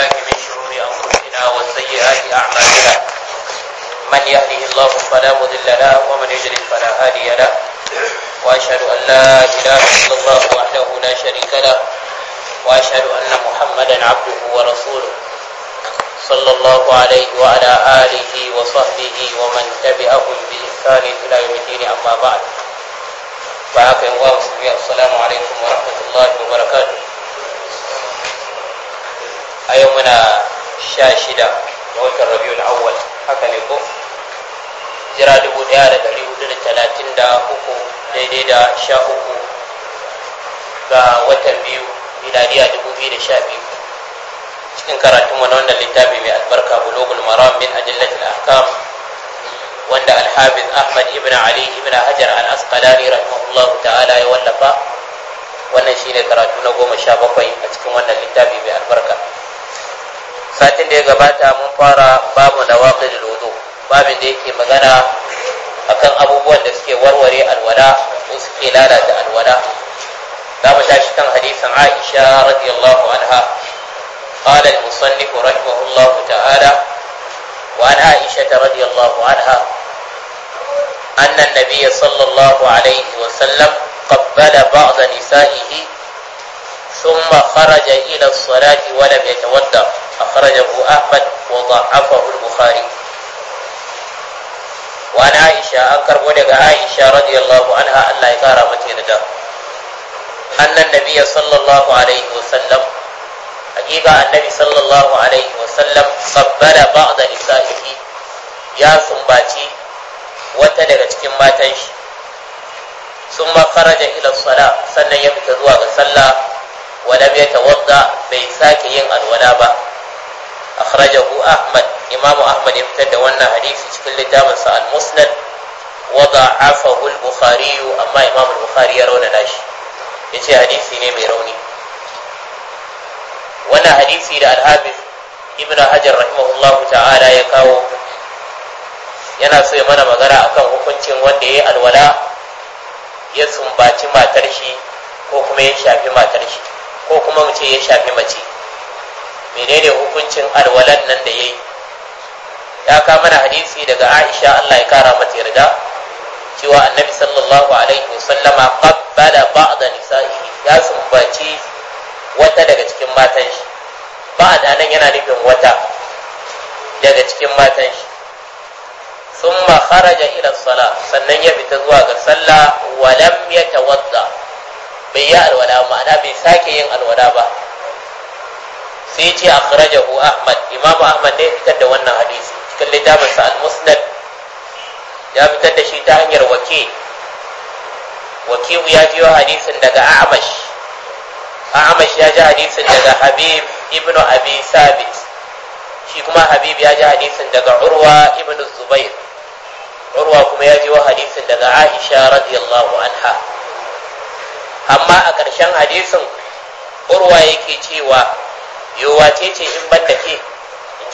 بالله من شرور أنفسنا وسيئات أعمالنا من يهده الله فلا مضل له ومن يضلل فلا هادي له وأشهد أن لا إله إلا الله وحده لا شريك له وأشهد أن محمدا عبده ورسوله صلى الله عليه وعلى آله وصحبه ومن تبعهم بإحسان إلى يوم الدين أما بعد فأقم الله السلام عليكم ورحمة الله وبركاته a yau muna sha shida ga watan rabiul awwal haka ne ko jira dubu da da da dari hudu talatin uku daidai da sha uku ga watan biyu miladiya 2012 cikin karatunmu na wannan littafi mai albarka bulogul maram min adillatil ahkam wanda alhafiz ahmad ibn ali ibn hajar al-asqalani rahimahullahu ta'ala ya wallafa wannan shine karatu na goma sha bakwai a cikin wannan littafi mai albarka satin da ya gabata mun fara babu da waƙil wudu babin da yake magana akan abubuwan da suke warware alwala ko suke lalata alwala za mu tashi kan hadisin Aisha radiyallahu anha قال المصنف رحمه الله تعالى وعن عائشة رضي الله عنها أن النبي صلى الله عليه وسلم قبل بعض نسائه ثم خرج إلى الصلاة ولم يتوضأ أخرجه أحمد وضعفه البخاري وعن عائشة أنكر ودق عائشة رضي الله عنها أن لا يقار متيردا أن النبي صلى الله عليه وسلم حقيقة النبي صلى الله عليه وسلم قبل بعض نسائه يا سنباتي وتدقت كما تنشي ثم خرج إلى الصلاة سنة يبتدوا بالصلاة ولم يتوضأ بيساك ين الولا akhrajahu ahmad imamu ahmad ya fitar da wannan hadisi cikin littafin sa al-musnad wa da'afahu al-bukhari amma imamu al-bukhari ya rauna shi yace hadisi ne mai rauni wannan hadisi da al-hafiz ibnu hajar rahimahullahu ta'ala ya kawo yana so ya mana magana akan hukuncin wanda ya yi alwala ya sumbaci matar shi ko kuma ya shafi matar ko kuma mu ce ya shafi mace menene hukuncin alwalan nan da yayi ya kama mana hadisi daga Aisha Allah ya kara mata yarda cewa annabi sallallahu alaihi wasallama qabbala ba'da nisa'i ya sumbaci wata daga cikin matan shi ba'da nan yana nufin wata daga cikin matan shi summa kharaja ila sala sannan ya fita zuwa ga sallah Walam lam yatawadda bai yi alwala ma'ana bai sake yin alwala ba sai ce a akhrajahu ahmad imamu ahmad ne fitar da wannan hadisi cikin littafin sa al-musnad ya fitar da shi ta hanyar wake wakiu ya ji hadisin daga a'mash a'mash ya ji hadisin daga habib ibn abi sabit shi kuma habib ya ji hadisin daga urwa ibn zubair urwa kuma ya ji hadisin daga aisha radiyallahu anha amma a ƙarshen hadisin urwa yake cewa yowa ce ce in ban da ke in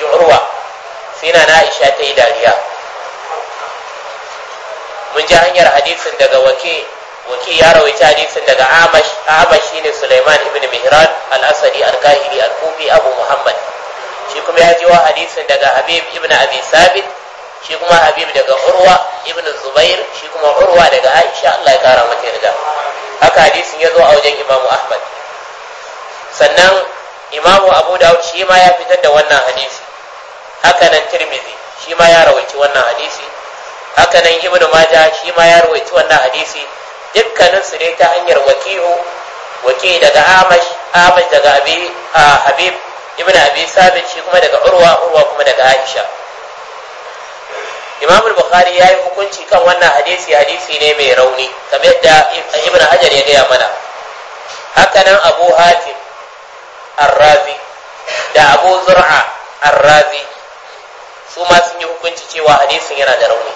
ji urwa sai na na ta yi dariya mun ji hanyar hadisin daga wake wake ya rawaita hadisin daga amash amash shine Suleiman ibn Mihran al-Asadi al-Kahili al-Kufi Abu Muhammad shi kuma ya ji wa hadisin daga Habib ibn Abi Sabit shi kuma Habib daga Urwa ibn Zubair shi kuma Urwa daga Aisha Allah ya kara mata yarda haka hadisin ya zo a wajen imamu Ahmad sannan imamu abu dawud shi ma ya fitar da wannan hadisi haka nan tirmidhi shi ma ya rawaici wannan hadisi haka nan ibnu maja shi ma ya rawaici wannan hadisi dukkanin su ne ta hanyar wakihu waki daga amash amash daga abi habib ibnu abi sabit shi kuma daga urwa urwa kuma daga aisha imamu bukhari ya yi hukunci kan wannan hadisi hadisi ne mai rauni kamar yadda ibn hajar ya gaya mana haka nan abu hatim arrazi da abu zur'a arrazi su ma sun yi hukunci cewa hadisin yana da rauni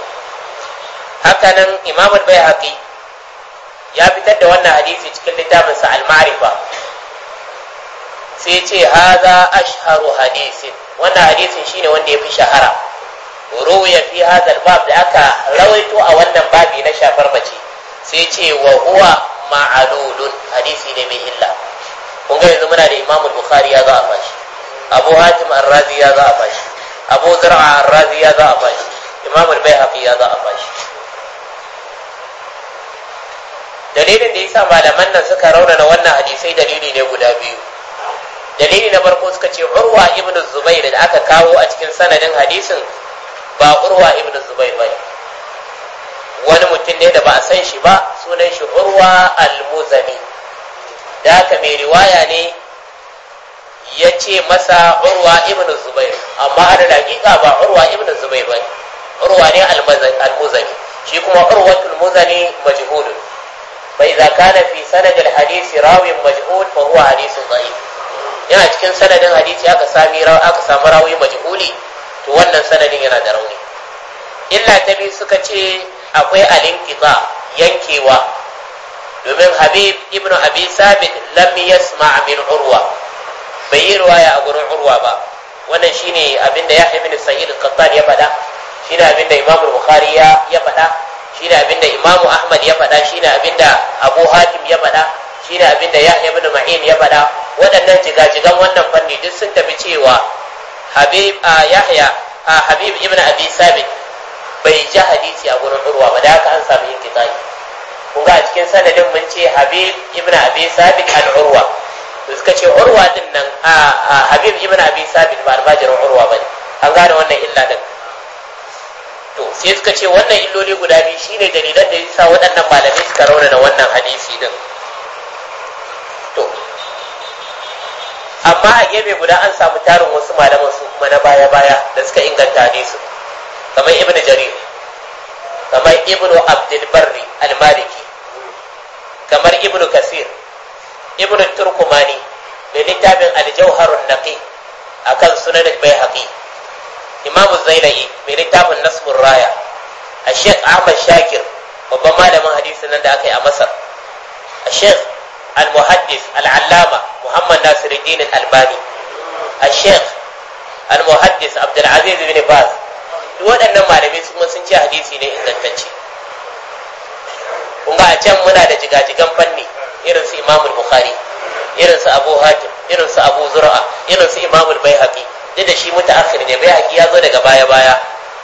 hakanan imam bai haƙi ya fitar da wannan hadisi cikin littafinsa al-ma'rifa sai ce haza ashharu hadisin wannan hadisin shine wanda ya fi shahara ruwaya fi hadha al-bab da aka rawaito a wannan babi na shafar bace sai ce wa huwa ma'alulun hadisi ne mai illa kun ga yanzu muna da imamul bukhari ya za a bashi abu hatim arrazi ya za a bashi abu zar'a arrazi ya za a bashi imamul bai ya za a bashi dalilin da yasa malaman nan suka raunana wannan hadisai dalili ne guda biyu dalili na farko suka ce urwa ibn zubair da aka kawo a cikin sanadin hadisin ba urwa ibn zubair bane wani mutum ne da ba a san shi ba sunan shi urwa al-muzani da haka mai riwaya ne ya ce masa urwa ibn zubair amma a da ba urwa ibn zubair ba urwa ne al-muzani shi kuma urwatul muzani majhulun bai za kana fi sanadin hadisi rawin majhul fa huwa hadisin da'if yana cikin sanadin hadisi aka sami aka sami rawi majhuli to wannan sanadin yana da rauni illa ta biyu suka ce akwai alinkiza yankewa domin habib Ibn abi sabit lam yasma min urwa bai yi ruwaya a gurin urwa ba wannan shine da Yahya ibn sa'id al-qattan ya faɗa shine da imam bukhari ya ya faɗa shine da imam ahmad ya faɗa shine da abu hatim ya faɗa shine da Yahya ibn ma'in ya faɗa waɗannan jigajigan wannan fanni duk sun tafi cewa habib a yahya a habib ibn abi sabit bai ji hadisi a gurin urwa ba da haka an samu yin kitabi kuga a cikin sanadin mun ce habib ibn abi sabit al-urwa to suka ce urwa din nan a habib ibn abi sabit ba almajirin urwa bane an gane wannan illa din to sai suka ce wannan illoli guda biyu shine dalilan da yasa waɗannan malamai suka raunana wannan hadisi din to amma a gefe guda an samu tarin wasu malaman su kuma na baya-baya da suka inganta su, kamar ibn jarir kamar ibn abdul barri al-maliki kamar ibnu kasir ibnu turkumani da littafin aljauharun naqi akan sunan bai imamu zainai mai littafin nasbur raya a sheikh ahmad shakir babban malamin hadisi nan da aka yi a masar a sheikh al-muhaddis al-allama muhammad nasiruddin al-albani a sheikh al-muhaddis abdulaziz bin baz duk waɗannan malamai sun ce hadisi ne ingantacce kun ga a can muna da jigajigan fanni irin su imamul bukhari irin su abu hatim irin su abu zura'a irin su imamul haƙi duk da shi mutaakhir ne haƙi ya zo daga baya baya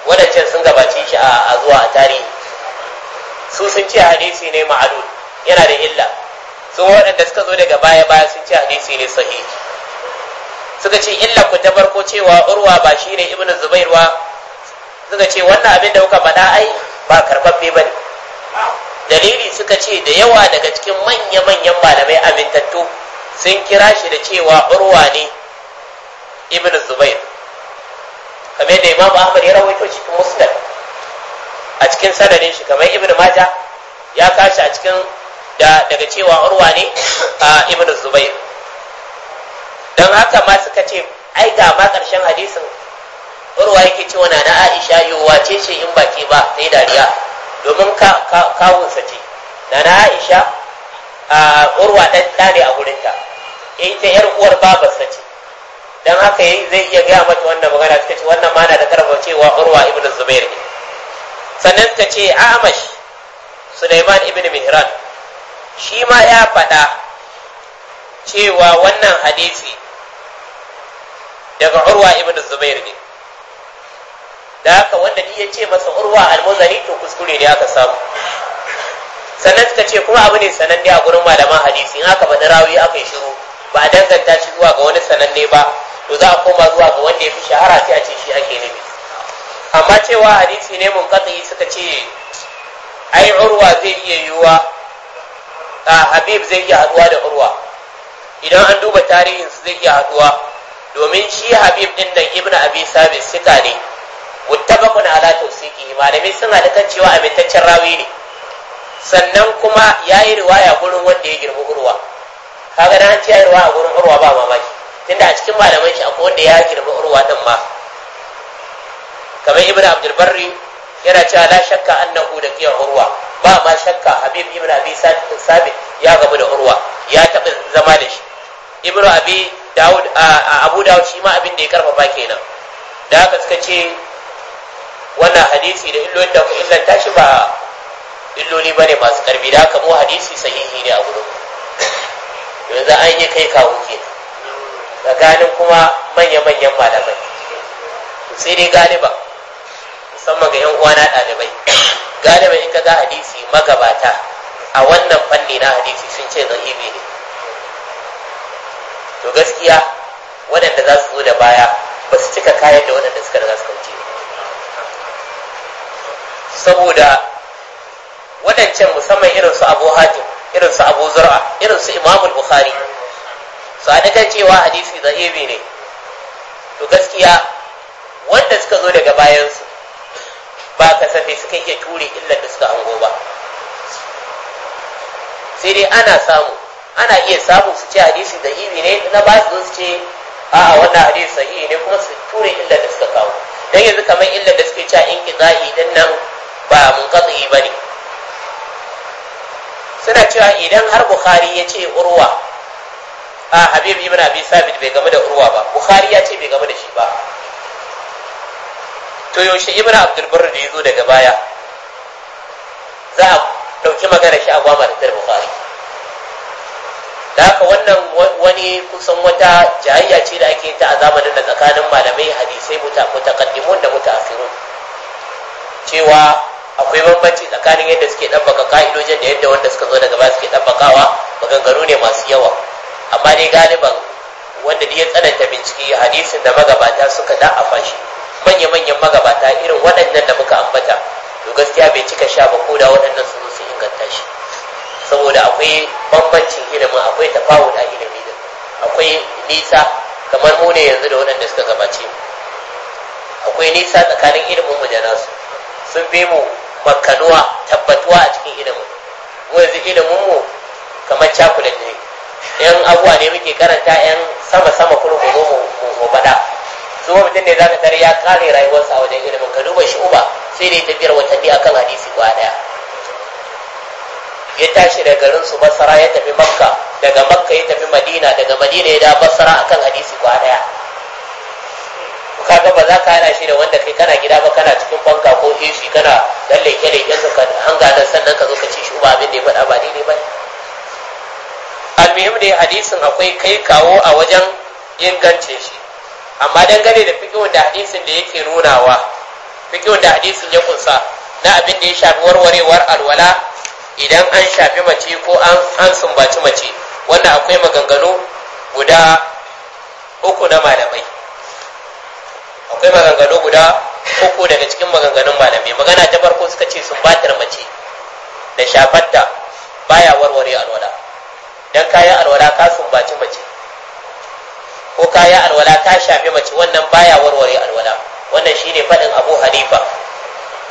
wadancan sun gabace shi a zuwa a tarihi su sun ce hadisi ne ma'adu yana da illa su waɗanda suka zo daga baya baya sun ce hadisi ne sahi suka ce illa ku ta farko cewa urwa ba shi ne ibnu zubair ba suka ce wannan abin da kuka faɗa ai ba karɓaɓɓe ba ne dalili suka ce da yawa daga cikin manya-manyan malamai amintattu sun kira shi da cewa urwa ne ibn zubair kamar da imam ahmad ya rawaito cikin musnad a cikin sanadin shi kamar ibn maja ya kashi a cikin da daga cewa urwa ne a ibn zubair don haka ma suka ce ai ga ma karshen hadisin urwa yake cewa na aisha yiwuwa ce shi in baki ba sai dariya domin kawunsa ce na na aisha a urwa ɗan ɗane a gurinta ita yar uwar babarsa ce don haka yayi zai iya gaya mata wannan magana suka ce wannan mana da karfa cewa urwa ibn zubair ne sannan suka ce amash suleiman ibn mihran shi ma ya faɗa cewa wannan hadisi daga urwa ibn zubair ne da haka wanda ni ya ce masa urwa almuzani to kuskure ne aka samu sannan suka ce kuma abu ne sananne a gurin malaman hadisi in aka faɗi rawi aka yi shiru ba a danganta shi zuwa ga wani sananne ba to za a koma zuwa ga wanda ya fi shahara sai a ce shi ake nufi amma cewa hadisi ne mun katsayi suka ce ai urwa zai iya yiwuwa a habib zai iya haduwa da urwa idan an duba tarihin su zai iya haduwa domin shi habib din nan ibnu abi sabis sika ne muttafaqun ala tawsiqihi malamai sun halakan cewa amintaccen rawi ne sannan kuma yayi riwaya gurin wanda ya girbi urwa kaga dan ce yayi riwaya gurin urwa ba mamaki tunda a cikin malaman shi akwai wanda ya girbi urwa din ma kamar ibnu abdul barri yana cewa la shakka annahu da kiyar urwa ba ma shakka habib ibn abi sabit ya gabu da urwa ya taɓa zama da shi ibnu abi dawud abu daud shi ma abin da ya karfafa kenan da haka suka ce wannan hadisi da illolin da kuma illan shi ba illoli ba ne masu karbi da haka mu hadisi sahihi ne a gurin yanzu an yi kai kawo ke ganin kuma manya-manyan malamai sai dai galiba musamman ga 'yan uwana ɗalibai galiba in ka ga hadisi magabata a wannan fanni na hadisi sun ce zahibi ne to gaskiya waɗanda za su zo da baya ba su cika kayan da waɗanda suka riga suka wuce saboda waɗancan musamman irin su abu hatim irin su abu zura irin su imamul bukhari su a cewa hadisi da ebe ne to gaskiya wanda suka zo daga bayansu ba kasafai suka iya ture illar da suka hango ba sai dai ana samu ana iya samu su ce hadisi da ne na ba su su ce a wannan hadisi sahihi ne kuma su ture illar da suka kawo don yanzu kamar illar da suke cewa in za'i din nan ba munqati bane suna cewa idan har bukhari ya ce urwa a habib ibn abi sabit bai game da urwa ba bukhari ya ce bai game da shi ba to yaushe ibn abdul barr da yazo daga baya za a dauki magana shi a gwamar da bukhari da haka wannan wani kusan wata jayayya ce da ake ta a zamanin da tsakanin malamai hadisai mutakaddimun da mutaakhirun cewa akwai bambanci tsakanin yadda suke ɗabbaka ka'idojin da yadda wanda suka zo daga baya suke ɗabbakawa maganganu ne masu yawa amma dai galiban wanda ya tsananta bincike hadisin da magabata suka da a fashi manya-manyan magabata irin waɗannan da muka ambata to gaskiya bai cika sha ba koda da waɗannan su sun inganta shi saboda akwai bambancin ilimin akwai tafawul a ilimi din akwai nisa kamar mu ne yanzu da waɗanda suka gabace mu akwai nisa tsakanin ilimin mu da nasu sun bi mu makkanuwa tabbatuwa a cikin ilimin mu yanzu ilimin mu kamar cakulet ne yan abuwa ne muke karanta yan sama-sama kuma mu zo mu bada su mutum ne za ka tare ya kare rayuwarsa a wajen ilimin ka duba shi uba sai dai tafiyar watanni akan hadisi ba daya ya tashi daga garin su basara ya tafi makka daga makka ya tafi madina daga madina ya da basara akan hadisi ba daya kaga ba za ka hada shi da wanda kai kana gida ba kana cikin banka ko AC kana dan leke leke ka hanga nan sannan ka zo ka ci shi ba abin da ya faɗa ba ne. ba almuhim da hadisin akwai kai kawo a wajen ingance shi amma dangane da fiqhun da hadisin da yake nunawa fiqhun da hadisin ya kunsa na abin da ya shafi warwarewar alwala idan an shafi mace ko an sumbaci mace wannan akwai maganganu guda uku na malamai akwai maganganu guda uku daga cikin maganganun malamai magana ta farko suka ce sumbatar mace da shafatta baya warware alwala dan kayan alwala ka sumbaci mace ko kayan alwala ka shafe mace wannan baya warware alwala wannan shine faɗin abu hanifa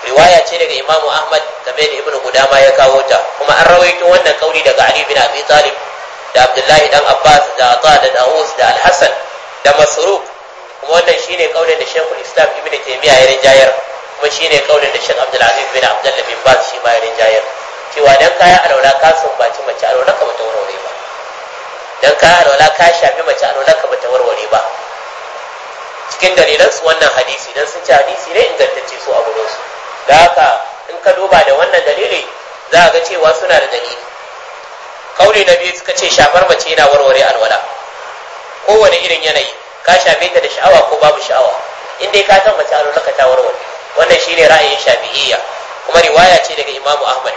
riwaya ce daga imamu ahmad game da ibnu gudama ya kawo ta kuma an rawaito wannan kauli daga ali bin abi talib da abdullahi dan abbas da ata da dawus da alhassan da masruq kuma wannan shine kaulin da Sheikhul Islam Ibn Taymiyyah ya rinjayar kuma shine kaulin da Sheikh Abdul Aziz bin Abdul bin Baz shi ma ya rinjayar cewa dan kaya alaura ka baci mace alaura ka bata warware ba dan kaya alaura ka shafi mace alaura ka bata warware ba cikin dalilan su wannan hadisi dan sun ci hadisi ne ingantacce su a gurin su da haka in ka duba da wannan dalili za ga cewa suna da dalili kauli na biyu suka ce shafar mace yana warware alwala kowane irin yanayi ka shafe ta da sha'awa ko babu sha'awa in dai ka san mace alwala ka ta warware wannan shine ra'ayin shafi'iyya kuma riwaya ce daga Imam Ahmad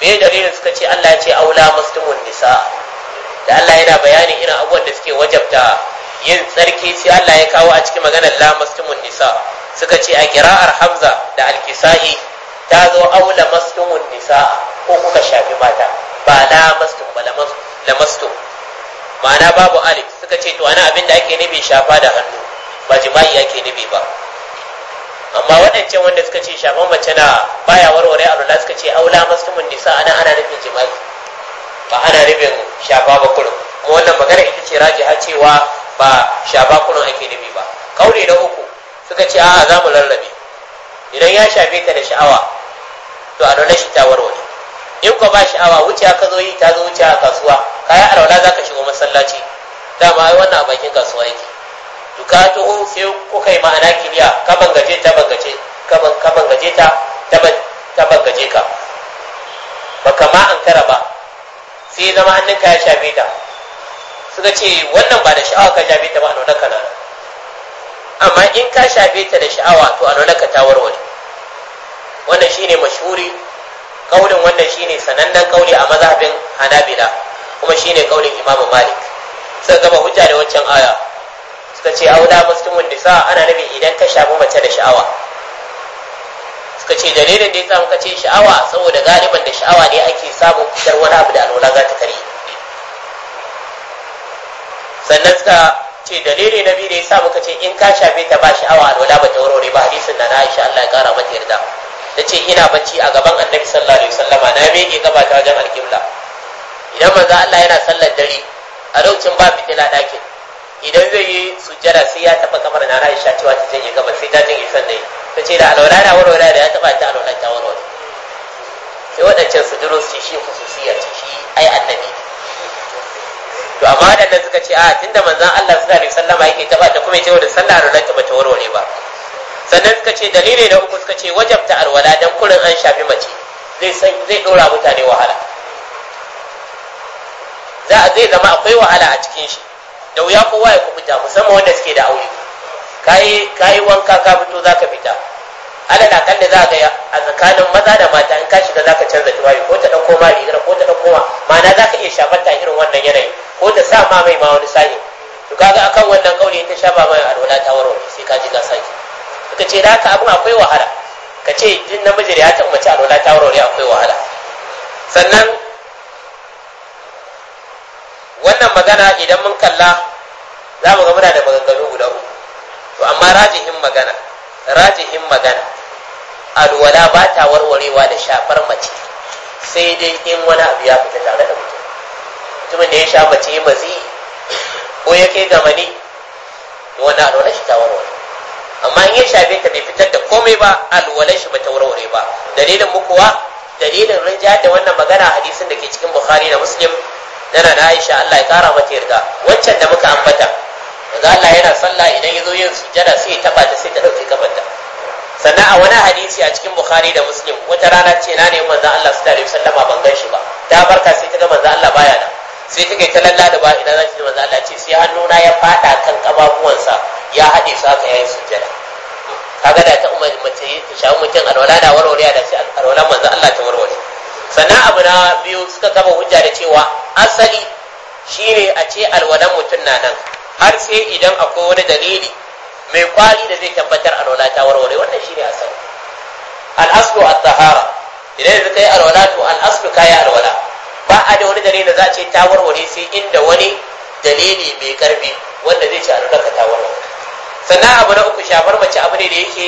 me dalilin suka ce Allah ya ce aula muslimun nisa da Allah yana bayanin irin abubuwan da suke wajabta yin tsarki sai Allah ya kawo a cikin maganar la muslimun nisa suka ce a kira'ar Hamza da Alkisa'i. ta zo aula muslimun nisa ko kuka shafi mata ba la muslim ba la muslim ma'ana babu alif suka ce to ana abin da ake nufi shafa da hannu ba jima'i ake nufi ba amma waɗancan wanda suka ce shafan mace na baya warware a alula suka ce aula mastumin nisa ana ana nufin jima'i ba ana nufin shafa ba kullum kuma wannan magana ita ce har cewa ba shafa kullum ake nufi ba kauli na uku suka ce a'a za mu lallabe idan ya shafe ta da sha'awa to a alula shi ta warware in ko ba sha'awa wuce ka zo yi ta zo wuce a kasuwa kayan alwala za ka shigo masallaci dama ai wannan a bakin kasuwa yake dukatu ka sai kuka yi ma'ana kiliya ka bangaje ta bangaje ka bangaje ta ta bangaje ka ba ma an kara ba sai zama hannunka ya shafe ta suka ce wannan ba da sha'awa ka shafe ta ba a nuna kana amma in ka shafe ta da sha'awa to a nuna ka tawar wani wannan shine mashhuri kaulin wannan shine sanannen kauli a mazhabin hanabila kuma shine kaulin imam malik suka gaba hujja da wancan aya suka ce aula muslimun nisa ana nufin idan ka shafi mace da sha'awa suka ce dalilin da ya sa muka ce sha'awa saboda galiban da sha'awa ne ake samu fitar wani abu da alwala za ta kare sannan suka ce dalilin na biyu da ya sa muka ce in ka shafe ta ba sha'awa alwala ba ta warware ba hadisin na Aisha Allah ya kara mata yarda ta ce ina bacci a gaban annabi sallallahu alaihi wasallama na mege gaba ta wajen alƙibla idan manzo Allah yana sallar dare a raucin ba fitina ɗakin idan zai yi sujjara sai ya taɓa kamar na Aisha cewa ta janye gaba sai ta janye sannan ta ce da alwala na warware da ya taɓa ta alwala ta warware sai waɗancan su duro su shi khususiya ce shi ai annabi to amma waɗannan suka ce a ah, tunda manzon Allah sallallahu alaihi wasallama yake taɓa ta kuma ya ce da sallah alwala ta bata warware ba sannan suka ce dalili na uku suka ce wajabta alwala dan kurin an shafi mace zai zai dora mutane wahala za a zai zama akwai wahala a cikin shi da wuya kowa ya kubuta musamman wanda suke da aure kayi kayi wanka ka fito za ka fita ala da kan za ga a tsakanin maza da mata in ka shiga za ka canza tuwayi ko ta ɗauko ma rigar ko ta ɗauko ma ma'ana za ka iya shafar ta irin wannan yanayi ko ta sa ma mai ma wani sahi to kaga akan wannan kauli ta shafa mai alwala ta waro sai ka ji ga saki suka ce da haka abin akwai wahala ka ce din namiji da ya taɓa mace alwala ta warware akwai wahala sannan wannan magana idan mun kalla za mu ga muna da maganganu guda uku to amma rajihin magana rajihin magana alwala ba ta warwarewa da shafar mace sai dai in wani abu ya fita tare da mutum mutumin da ya sha mace mazi ko ya kai gama ne wani alwala shi ta warware amma in ya shafe ta bai fitar da komai ba alwalan shi ta warware ba dalilin mu kuwa dalilin rinja da wannan magana hadisin da ke cikin bukhari da muslim tana na Aisha Allah ya kara mata yarda waccan da muka ambata manzo Allah yana sallah idan yazo yin sujada sai ya taba ta sai ta dauke kafarta sannan a wani hadisi a cikin Bukhari da Muslim wata rana ce na ne manzo Allah sallallahu alaihi wasallam ban gan shi ba ta barka sai ta ga manzo Allah baya nan sai ta kai ta lalla da ba ina za ta manzo Allah ce sai hannuna ya fada kan kababuwansa ya hade su haka yayin sujada kaga da ta umar mace ta shawo mutum alwala da warwariya da sai alwala manzo Allah ta warware sannan abu na biyu suka kama hujja da cewa asali shine a ce alwalan mutum na nan har sai idan akwai wani dalili mai kwari da zai tabbatar alwala ta warware wannan shine asali al'aslu a tahara idan yanzu kai alwala to al'aslu yi alwala ba a da wani dalili da za a ce ta warware sai inda wani dalili mai karfi wanda zai ce alwala ka ta warware sannan abu na uku shafar mace abu ne da yake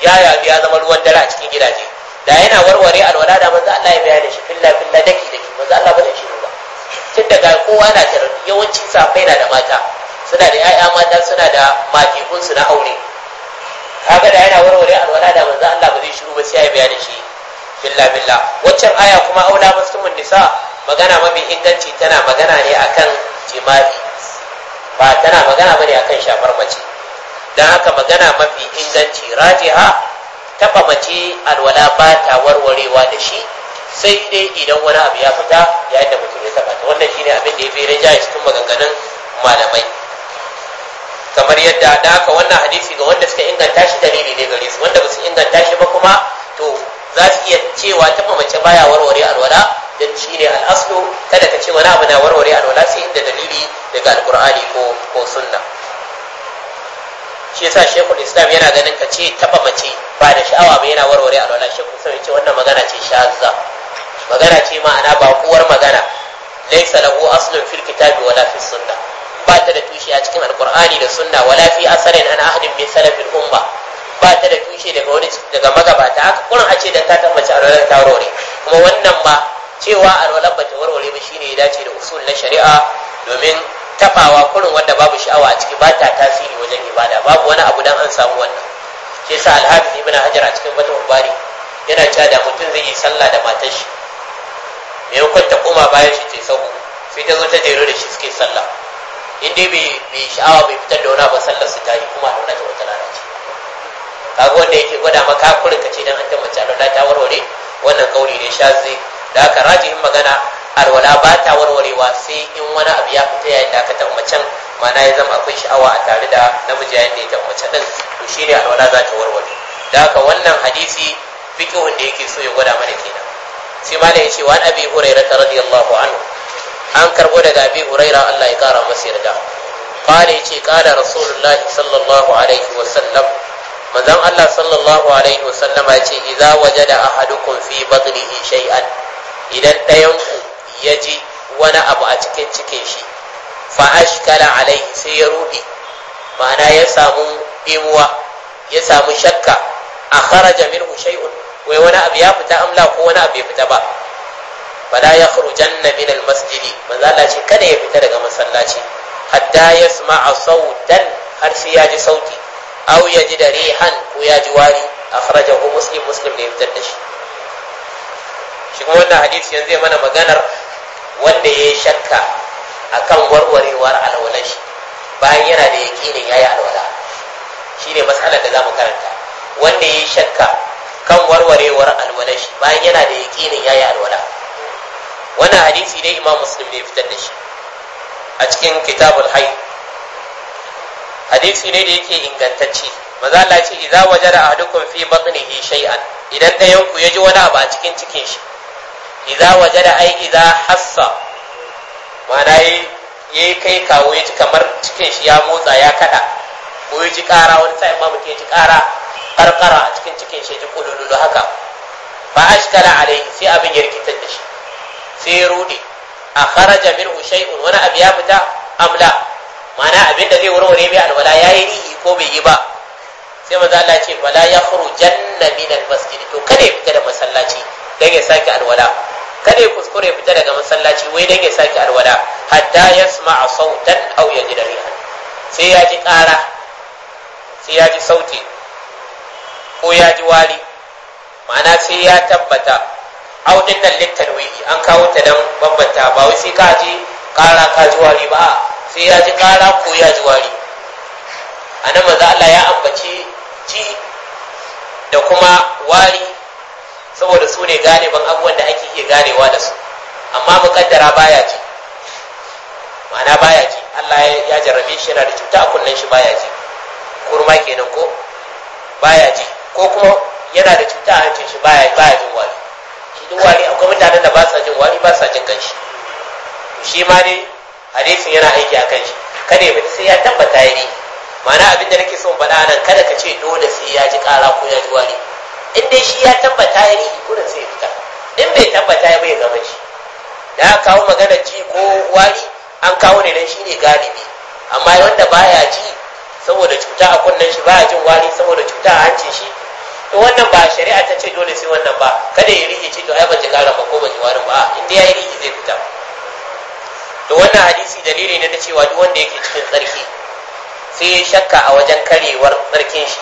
ya ya zama ruwan dare a cikin gidaje da yana warware alwala da manzo Allah ya bayyana shi filla filla daki daki manzo Allah ba da shi ba tun daga kowa na da yawanci safai na da mata suna da ƴaƴa mata suna da matekun su na aure kaga da yana warware alwala da manzo Allah ba zai shiru ba sai ya bayyana shi filla filla wacce aya kuma aula muslimun nisa magana mafi inganci tana magana ne akan jima'i ba tana magana bane akan shafar mace dan haka magana mafi inganci rajiha taba mace alwala ba ta warwarewa da shi sai dai idan wani abu ya fita yayin da mutum ya taba ta wannan shine abin da ya fi rinjaye cikin maganganun malamai kamar yadda da aka wannan hadisi ga wanda suka inganta shi dalili ne gare su wanda ba su inganta shi ba kuma to za su iya cewa taba mace baya warware alwala dan ne al'aslu kada ka ce wani abu na warware alwala sai inda dalili daga alqur'ani ko ko sunna shi yasa shekul islam yana ganin ka ce taba mace ba da sha'awa ba yana warware alwala shekul islam ce wannan magana ce shazza magana ce ma'ana ba kuwar magana laysa lahu aslun fil kitabi wala fi sunna ba ta da tushe a cikin alqur'ani da sunna wala fi asarin an ahadin min salafil umma ba ta da tushe daga wani daga magabata haka kurin a ce dan ta tabbaci alwalar ta warware kuma wannan ma cewa alwalar ba ta warware ba shine ya dace da usul na shari'a domin tafawa kurin wanda babu sha'awa a ciki ba ta tasiri wajen ibada babu wani abu dan an samu wannan shi yasa alhafiz ibn hajar a cikin fatul bari yana cewa da mutum zai yi sallah da matar shi me yakon ta koma bayan shi ce sahu sai ta zo ta jero da shi suke sallah in dai bai sha'awa bai fitar da wani abu sallar su ta yi kuma a ta wata rana ce kaga wanda yake gwada maka kurin ka ce dan an ta mace ta warware wannan kauli ne zai, da haka rajihin magana alwala ba ta warwarewa sai in wani abu ya fita yayin da aka tabbacin mana ya zama akwai sha'awa a tare da namiji yayin da ya tabbace din to shine alwala za ta warware da haka wannan hadisi fiqhun da yake so ya gwada mana kenan sai ma da yace wa abi hurairah radiyallahu anhu an karbo daga abi hurairah Allah ya kara masa yarda قال يجي قال رسول الله صلى الله عليه manzon Allah sallallahu alaihi wasallama ya ce idza wajada ahadukum fi batnihi shay'an idan ɗayan ku ya ji wani abu a cikin cikin shi kala alaihi sai ya ruɗe ma'ana ya samu imuwa ya samu shakka a kharaja minhu shay'un wai wani abu ya fita amla ko wani abu ya fita ba fala ya khurujanna min almasjidi manzo Allah ce kada ya fita daga masallaci hatta yasma'a sautan har sai ya ji sauti aw yaji da rihan ko ya ji wari akhrajahu muslim muslim ne ya fitar da shi shi wannan hadisi yanzu ya mana maganar wanda ya shakka kan warwarewar alwalar shi bayan yana da ya yaƙinin ya yi alwala shi ne matsalar da za mu karanta wanda ya shakka kan warwarewar alwalar shi bayan yana da ya yaƙinin ya yi alwala wannan hadisi dai imam muslim ne fitar da shi a cikin kitabul hayy hadisi ne da yake ingantacce maza Allah ce idza wajada ahadukum fi batnihi shay'an idan ɗayan ku ya ji wani abu a cikin cikin shi idza wajada ai idza hassa mana yayi kai kawo yaji kamar cikin shi ya motsa ya kada ko yaji kara wani sai ma ke ji kara karkara a cikin cikin shi ji kululu haka fa ashkala alai sai abin ya rikitar da shi sai rudi a kharaja min shay'un wani abu ya fita amla mana abin da zai warware mai alwala yayi rihi ko bai yi ba sai maza Allah ce wala ya khuru janna min al-masjid to kada ya fita da masallaci dan ya sake alwala kada ya kuskure fita daga masallaci wai dan ya saki alwada hatta yasma'a sautan aw jira rihan sai ya ji ƙara sai ya ji sauti ko ya ji wari ma'ana sai ya tabbata aw din nan littalwihi an kawo ta dan bambanta ba wai sai ka ji ƙara ka ji wari ba sai ya ji ƙara ko ya ji wari a maza Allah ya ambaci ji da kuma wari saboda su ne galiban abubuwan da ake iya ganewa da su amma mukaddara baya ji ma'ana baya ji Allah ya jarrabe shi yana da cuta a kunnen shi baya ji kurma kenan ko baya ji ko kuma yana da cuta a hancin shi baya baya jin wari shi duk wari akwai mutanen da ba sa jin wari ba sa jin kanshi shi ma ne hadisin yana aiki a kanshi kada ya sai ya tabbata ya ne ma'ana abin da nake son faɗa nan kada ka ce dole sai ya ji ƙara ko ya ji wari in dai shi ya tabbata ya yi kurin sai fita in bai tabbata ya bai zama shi da kawo magana ji ko wari an kawo ne dan shine galibi amma wanda baya ji saboda cuta a kunnen shi baya jin wari saboda cuta a hancin shi to wannan ba shari'a ta ce dole sai wannan ba kada ya riki ce to ai ban ji gara ba ko ban ji wari ba in dai ya riki zai fita to wannan hadisi dalili ne na cewa duk wanda yake cikin tsarki sai ya shakka a wajen karewar tsarkin shi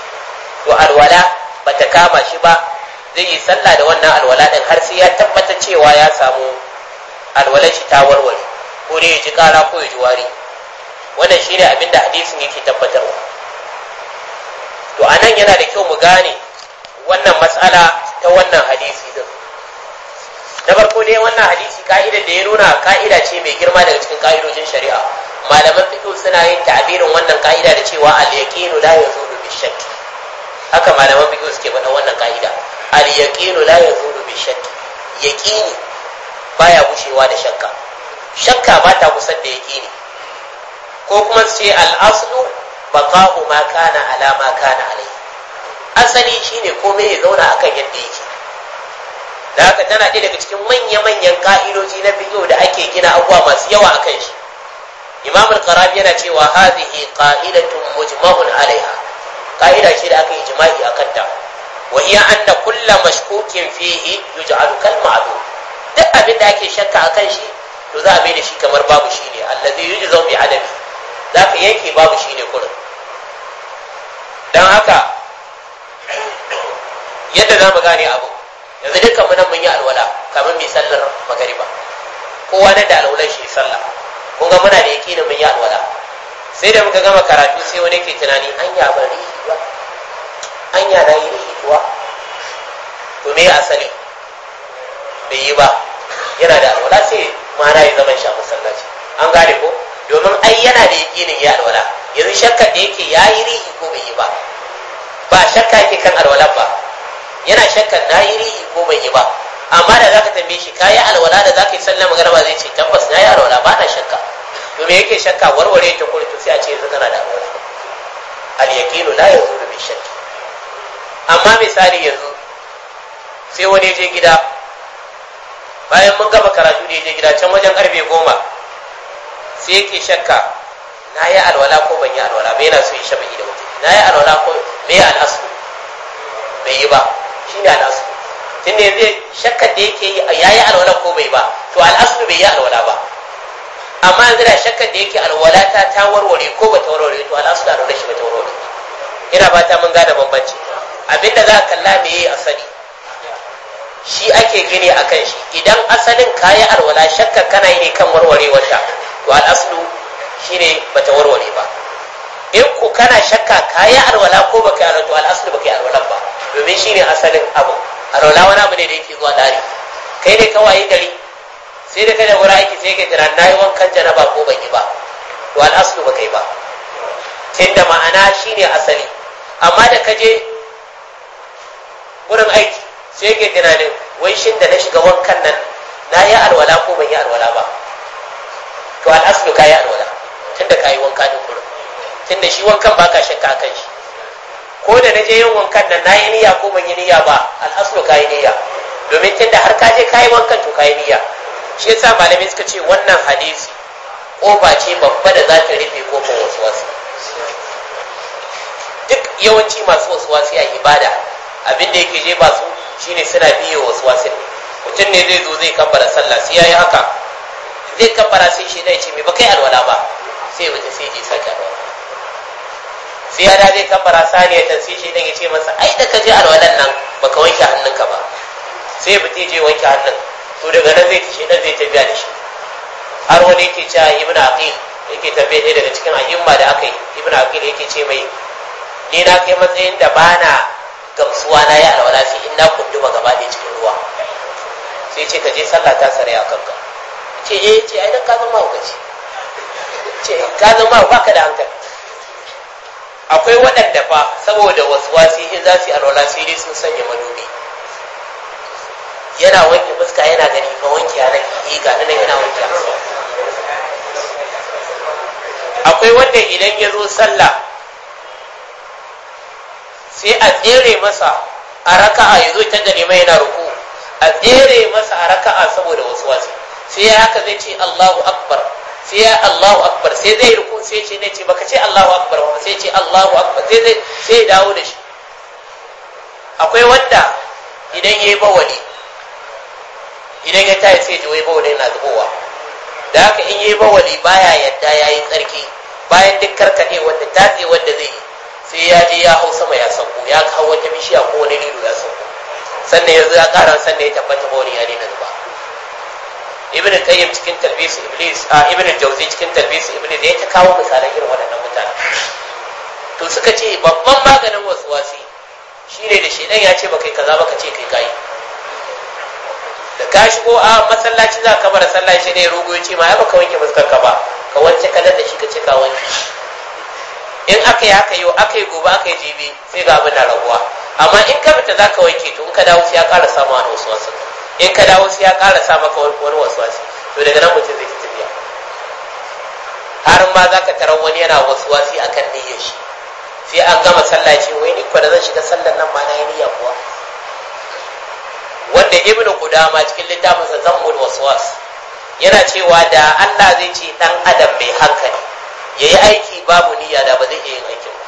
to alwala bata kama shi ba zai yi sallah da wannan alwala din har sai ya tabbata cewa ya samu alwalar shi ta warware ko dai ya ji kara ko ya ji wari wannan shine abin da hadisin yake tabbatarwa to anan yana da kyau mu gane wannan matsala ta wannan hadisi din na farko dai wannan hadisi ka'ida da ya nuna ka'ida ce mai girma daga cikin ka'idojin shari'a malaman fiqh suna yin ta'abirin wannan ka'ida da cewa al-yaqinu la yazulu bi shakk haka malaman fiqh suke faɗa wannan ka'ida al yaqinu la yazulu bi shakki yaqini baya gushewa da shakka shakka ba ta kusan da yaqini ko kuma su ce al aslu baqa'u ma kana ala ma kana alai asali shine komai ya zauna akan yadda yake da haka tana ɗaya daga cikin manya-manyan ka'idoji na fiqh da ake gina abubuwa masu yawa akan shi imamul karabi yana cewa hadhihi qa'idatun mujma'un alaiha ka'ida ce da aka yi jima'i a kanta wa iya da kulla mashkukin fihi yuj'alu kal ma'lum duk abin da ake shakka akan shi to za a mai da shi kamar babu shi ne allazi yujzau bi adami za ka yanke babu shi ne kurin dan haka yadda za mu gane abu yanzu dukkan mu nan mun yi alwala kamar mai sallar magariba kowa na da alwalar shi sallah kun ga muna da yakinin mun yi alwala sai da muka gama karatu sai wani ke tunani an ya ban rihi ba an ya na yi rihi kuwa to me asali bai yi ba yana da alwala sai mana ya zama sha a masallaci an gane ko domin ai yana da ne ya alwala yanzu shakka da yake ya yi rihi ko bai yi ba ba shakka yake kan alwalan ba yana shakka na yi rihi ko bai yi ba amma da zaka tambaye shi ka yi alwala da zaka yi sallama garba zai ce tabbas na yi alwala ba na shakka to me yake shakka warware ta kurtu sai a ce yanzu kana da wani al yaqinu la yazulu bi shakki amma misali yanzu sai wani je gida bayan mun gama karatu ne je gida can wajen karfe goma sai yake shakka na yi alwala ko ban yi alwala bai yana so yi shaba da mutum na yi alwala ko bai yi al'asu bai yi ba shi ne al'asu tun da yanzu shakka da yake yi ya yi alwala ko bai ba to al'asu bai yi alwala ba amma yanzu da shakkan da yake alwalata ta warware ko ba ta warware to su da alwala shi ba ta warware ina fata mun gane bambanci abinda za ka kalla me yi asali shi ake gini a kan shi idan asalin kayi alwala shakkan kana yi ne kan warware wata to shi shine ba ta warware ba in ku kana shakka kayi alwala ko ba yi alwala to al'aslu ba, yi alwala ba domin shine asalin abu alwala wani abu ne da yake zuwa dari kai ne kawai gari sai da kai da wurin aiki sai kai jira na yi wankan janaba ko ban yi ba to al'aslu ba kai ba tunda ma'ana shine asali amma da ka je wurin aiki sai kai tunanin wai shin da na shiga wankan nan na yi alwala ko ban yi alwala ba to al'aslu ka yi alwala tunda ka yi wanka da kurin tunda shi wankan ba ka shakka kan shi ko da na je yin wankan nan na yi niyya ko ban yi niyya ba al'aslu ka yi niyya domin tunda har ka je ka yi wankan to ka yi niyya shi yasa malamai suka ce wannan hadisi ba ce babba da za ta rufe kofin wasu wasu duk yawanci masu wasu wasu a ibada abin da yake je ba su shine suna biye wasu wasu mutum ne zai zo zai kabbara sallah sai yayi haka zai kabbara sai shi zai ce me ba kai alwala ba sai mutum sai ji sake alwala sai ya da zai kabbara saniya ta sai shi dan ya ce masa ai da ka je alwalan nan baka wanke hannunka ba sai mutum je wanke hannun to daga nan zai tafi nan zai tafiya da shi har wani yake cewa ibn aqil yake tafiya ne daga cikin ayyumma da aka yi ibn aqil yake ce mai ni na kai matsayin da bana gamsuwa na yi alwala sai in na ba gaba da cikin ruwa sai ce ka je sallah ta sarai a kanka ce eh ce ai dan ka zama hukaci ce ka zama baka da hankali akwai waɗanda fa saboda wasu wasi in za su yi alwala sai dai sun sanya madubi yana wanke fuska yana gani ba wanke a nan yi eh, ga nan yana wanke a akwai wanda idan ya zo sallah sai a tsere masa a raka'a ya zo canza neman yana ruku a tsere masa a raka'a saboda wasu wasu sai ya haka zai ce Allahu Akbar sai ya Allahu Akbar sai zai ruku sai ce ne ce baka ce Allahu Akbar ba sai ce Allahu Akbar sai zai sai dawo da shi akwai wanda idan ya yi bawali idan ya tayi sai jiwai bawali yana zubowa da haka in yi bawali baya yadda ya yi tsarki bayan duk karkade wanda tatse wanda zai yi sai ya je ya hau sama ya sauko ya kawo wata bishiya ko wani lilo ya sauko sannan ya ya ƙara sannan ya tabbata bawali ya daina zuba ibn tayyib cikin talbis iblis a ibn jawzi cikin talbis iblis ya ta kawo misalan irin waɗannan mutane to suka ce babban maganin wasu wasi shine da shedan ya ce baka kaza baka ce kai kai ka shigo a masallaci za ka bara sallah shi ne rogo ya ce ma ya baka wanke fuskar ka ba ka wanke kalar da shi ka ce ka wanke in aka yi haka yau aka yi gobe aka yi jibi sai ga abin da rabuwa amma in ka fita za ka wanke to in ka dawo sai ya ƙara sa wani wasu wasu in ka dawo sai ya ƙara sa maka wani wasu wasu to daga nan mutum zai tafiya har ma za ka tarar wani yana wasu wasu akan niyyar shi sai an gama sallah wai ni kwa da zan shiga sallan nan ma na yi niyya kuwa wanda ibnu kudama cikin littafin sa zammul waswas yana cewa da Allah zai ce dan adam mai hankali yayi aiki babu niyya da ba zai iya yin aikin ba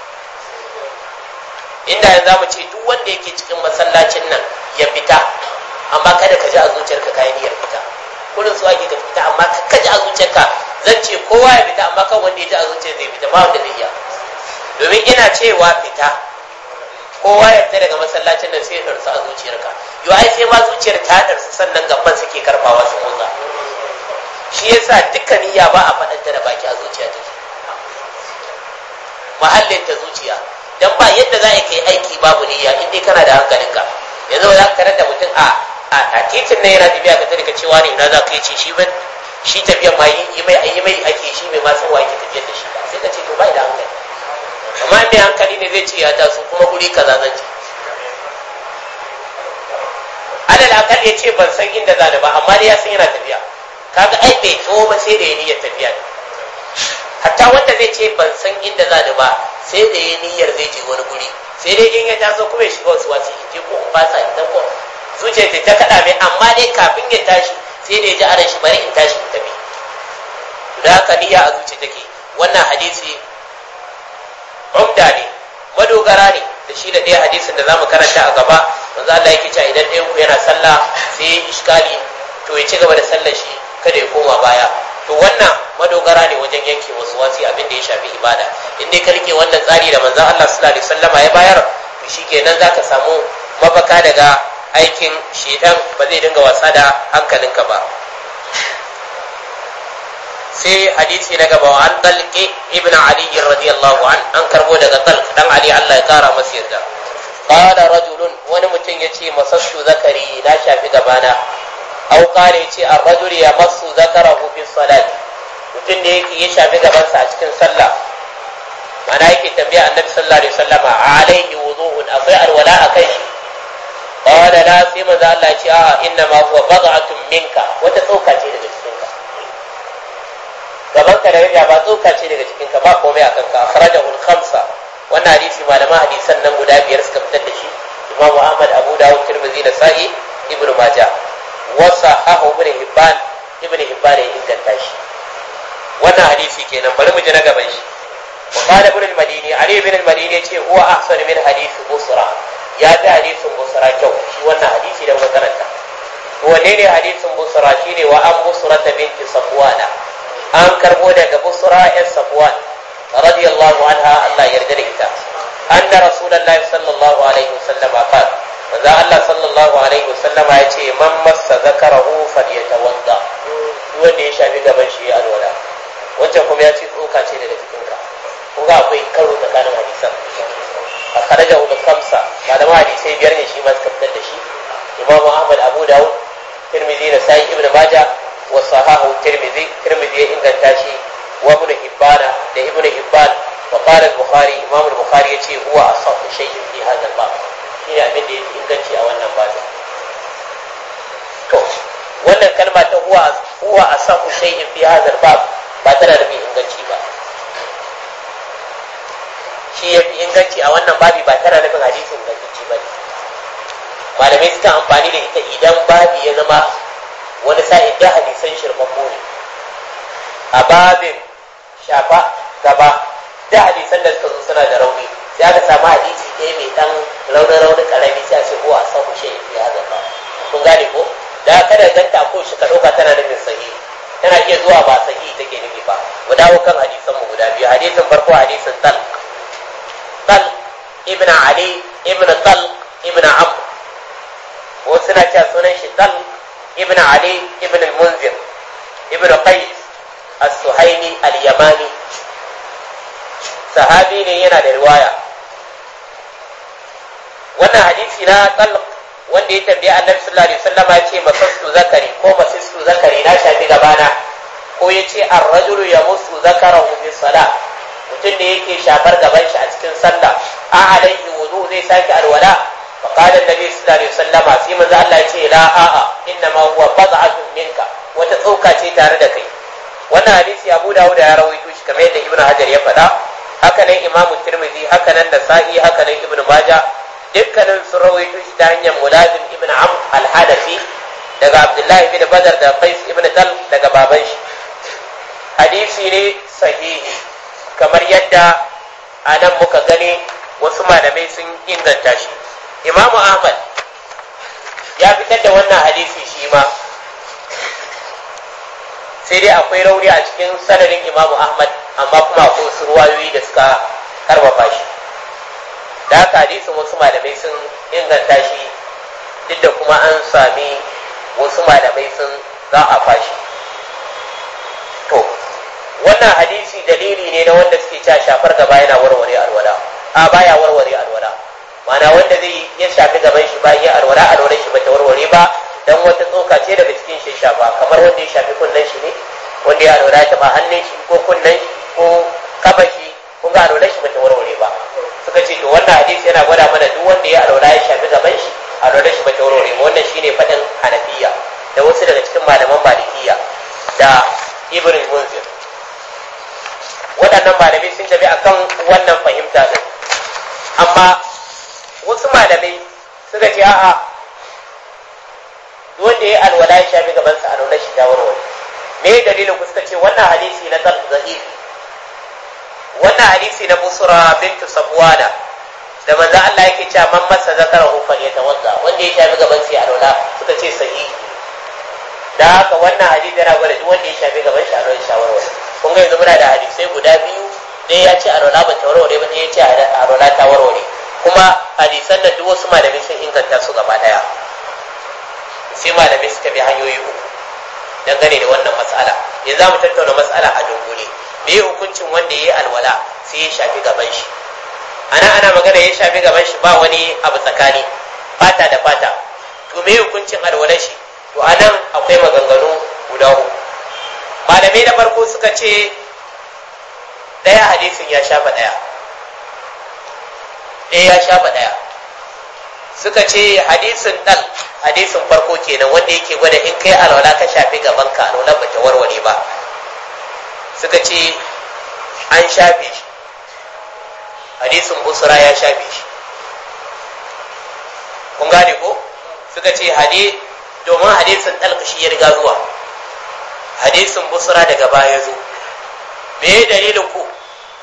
inda yanzu mu ce duk wanda yake cikin masallacin nan ya fita amma kada ka ji a zuciyarka kayan niyyar fita kullum su ake ka fita amma ka ji a zuciyarka zan ce kowa ya fita amma kan wanda ya ji a zuciyar zai fita ba wanda zai iya domin ina cewa fita kowa ya fita daga masallacin nan sai ya karsu a zuciyarka yo ai sai ma zuciyar ta darsu sannan gaban suke karfawa su motsa shi yasa dukkan iya ba a faɗanta da baki a zuciya take mahallin ta zuciya dan ba yadda za a kai aiki babu niyya in dai kana da hankalinka yanzu za ka da mutum a a titin na yana tafiya ka tarika cewa ne na za ka yi ce shi ban shi tafiya ma yi mai yi mai ake shi mai masu wa yake tafiyar da shi ba, sai ka ce to bai da hankali amma mai hankali ne zai ce ya taso kuma guri kaza zan ce alal akal ya ce ban san inda za ba amma dai ya san yana tafiya kaga ai bai tso ba sai da ya niyyar tafiya hatta wanda zai ce ban san inda za ba sai da ya niyyar zai je wani guri sai dai in ya taso kuma ya shiga wasu wasu je ko in fasa in tafi Zuciya ta kaɗa mai amma dai kafin ya tashi sai da ya ji aran shi bari in tashi in tafi da haka niyya a zuciya take wannan hadisi umda ne madogara ne da shi da ɗaya hadisin da za mu karanta a gaba manzo Allah yake cewa idan ɗayan ku yana sallah sai ya iskali to ya ci gaba da sallar shi kada ya koma baya to wannan madogara ne wajen yanke wasu wasi abin da ya shafi ibada in dai ka rike wannan tsari da manzo Allah sallallahu alaihi wasallama ya bayar to shikenan zaka samu mafaka daga aikin shedan ba zai dinga wasa da hankalinka ba sai hadisi na gaba an talqi ibn ali radiyallahu an an karbo daga talq dan ali Allah ya kara masa yarda qala rajulun wani mutum yace masassu zakari na shafi gabana aw qala yace ar-rajul yamassu zakarahu fi salati mutum da yake ya shafi gabansa a cikin sallah mana yake tambaya annabi sallallahu alaihi wasallama alaihi wudu'un akwai alwala akai shi qala la sai manzo Allah ya ce a inna ma huwa bad'atun minka wata tsoka ce daga gaban da riga ba tsoka ce daga cikin ka ba komai a kanka akhrajahu al-khamsa wannan hadisi malaman hadisan nan guda biyar suka fitar da shi Imam Muhammad, Abu Dawud Tirmidhi da Sa'i Ibn Majah wa sahahu Ibn Hibban Ibn Hibban ya inganta shi wannan hadisi kenan bari mu ji na gaban shi وقال ابن المديني علي madini المديني ce huwa ahsan min hadisi, busra ya ji hadisin busra kyau shi wannan hadisi da muka karanta wanne ne hadisin busra shine wa an busra ta binti safwana an karbo daga busra yan safwan radiyallahu anha Allah yarda da ita anna rasulullahi sallallahu alaihi wasallam qala manzo Allah sallallahu alaihi wasallam ya ce man massa zakarahu falyatawadda wanda ya shafi gaban shi ya alwala wancan kuma ya ce tsoka ce daga cikin ka ga akwai karo tsakanin hadisan a kharaja ul khamsa malama hadisai biyar ne shi ma suka fitar da shi imamu ahmad abu dawud tirmidhi da sai ibnu majah wa sahahu tirmidhi ya inganta shi da ibn hibban wa qala al-bukhari imam al-bukhari yace huwa asah shay'in fi ina abin da yake inganci a wannan babin wannan kalma ta huwa huwa ba inganci ba shi ya fi inganci a wannan babi ba tana nufin hadisin inganci ba ne malamai suka amfani da ita idan babi ya zama wani sa'in da hadisan shirman ne a babin shafa gaba da hadisan da suka zo suna da rauni sai aka samu hadisi ɗaya mai ɗan raunin raunin ƙarami sai a ce ko a samu shi ya zama kun gane ko da kada ganta ko shi ka ɗauka tana nufin sahi tana iya zuwa ba ta take nufi ba mu dawo kan hadisan mu guda biyu hadisin farko hadisin tal tal ibn ali ibn tal ibn amr wasu na cewa sunan shi tal ibn ali ibn munzir ibn qais as-suhaili al-yamani sahabi ne yana da riwaya wannan hadisi na talq wanda ya tambaye annabi sallallahu alaihi wasallam ya ce ko masastu zakari na shafi gabana ko ya ce ar-rajulu yamusu zakarahu bi salah mutum da yake shafar gaban shi a cikin sallah a alaihi wudu zai sake alwala فقال النبي صلى الله عليه وسلم في من الله يتي لا آآ إنما هو بضعة منك وتتوقع تيتار دكي وانا حديث أبو داود يا رويتوش كما يدى ابن حجر يفدا هكذا إمام الترمذي هكذا النسائي هكذا ابن ماجه dukkanin sun rawaito shi ta hanyar mulazim ibn amr al-hanafi daga abdullahi da badar da qais ibn tal daga baban shi hadisi ne sahihi kamar yadda a nan muka gani wasu malamai sun inganta shi imamu ahmad ya fitar da wannan hadisi shi ma sai dai akwai rauni a cikin sanarin imamu ahmad amma kuma akwai wasu ruwayoyi da suka karfafa shi da haka hadisin wasu malamai sun inganta shi duk da kuma an sami wasu malamai sun za a fashi to wannan hadisi dalili ne na wanda suke cewa shafar gaba yana warware alwala a baya warware alwala mana wanda zai ya shafi gaban shi ba ya alwala alwalar shi bata warware ba dan wata tsoka ce daga cikin shi shafa kamar wanda ya shafi kunnen shi ne wanda ya alwala ta ba hannun shi ko kunnen shi ko shi kun ga alwalar shi bata warware ba suka ce to wannan hadisi yana gwada mana duk wanda ya alwala ya shafi gaban shi alwalar shi bata warware ba wannan shine faɗin hanafiya da wasu daga cikin malaman malikiya da Ibrahim munzir waɗannan malamai sun tafi akan wannan fahimta din amma wasu malamai suka ce a'a wanda ya alwala ya shafi gabansa alwala shi ta warware me dalilin ku suka ce wannan hadisi na zahifi wannan hadisi na busura bintu sabuwana da manzan Allah yake cewa man masa zakara ya faliyatawadda wanda ya shafi gaban sai alwala suka ce sahihi da haka wannan hadisi yana gwada duk wanda ya shafi gaban shi alwala shawarwari kun ga yanzu muna da hadisai guda biyu ɗaya ya ce alwala ba ta warware ba ɗaya ya ce alwala ta warware kuma hadisan da duk wasu malamai sun inganta su gaba daya sai malamai suka bi hanyoyi uku dangane da wannan matsala ya za mu tattauna matsala a dungule me ya hukuncin wanda ya yi alwala sai ya shafi gaban shi ana ana magana ya shafi gaban shi ba wani abu tsakani fata da fata to me hukuncin alwalar shi to anan akwai maganganu guda uku malamai na farko suka ce daya hadisin ya shafa daya ɗaya eh, ya shafa ɗaya suka ce hadisin nan hadisin farko kenan wanda yake gwada in kai alwala ka shafi gaban ka alwala ba ta warware ba suka ce an shafe shi hadisin busra ya shafe shi kun gane ko suka ce hadi domin hadisin dalka shi ya riga zuwa hadisin busra daga baya zo me dalilin ku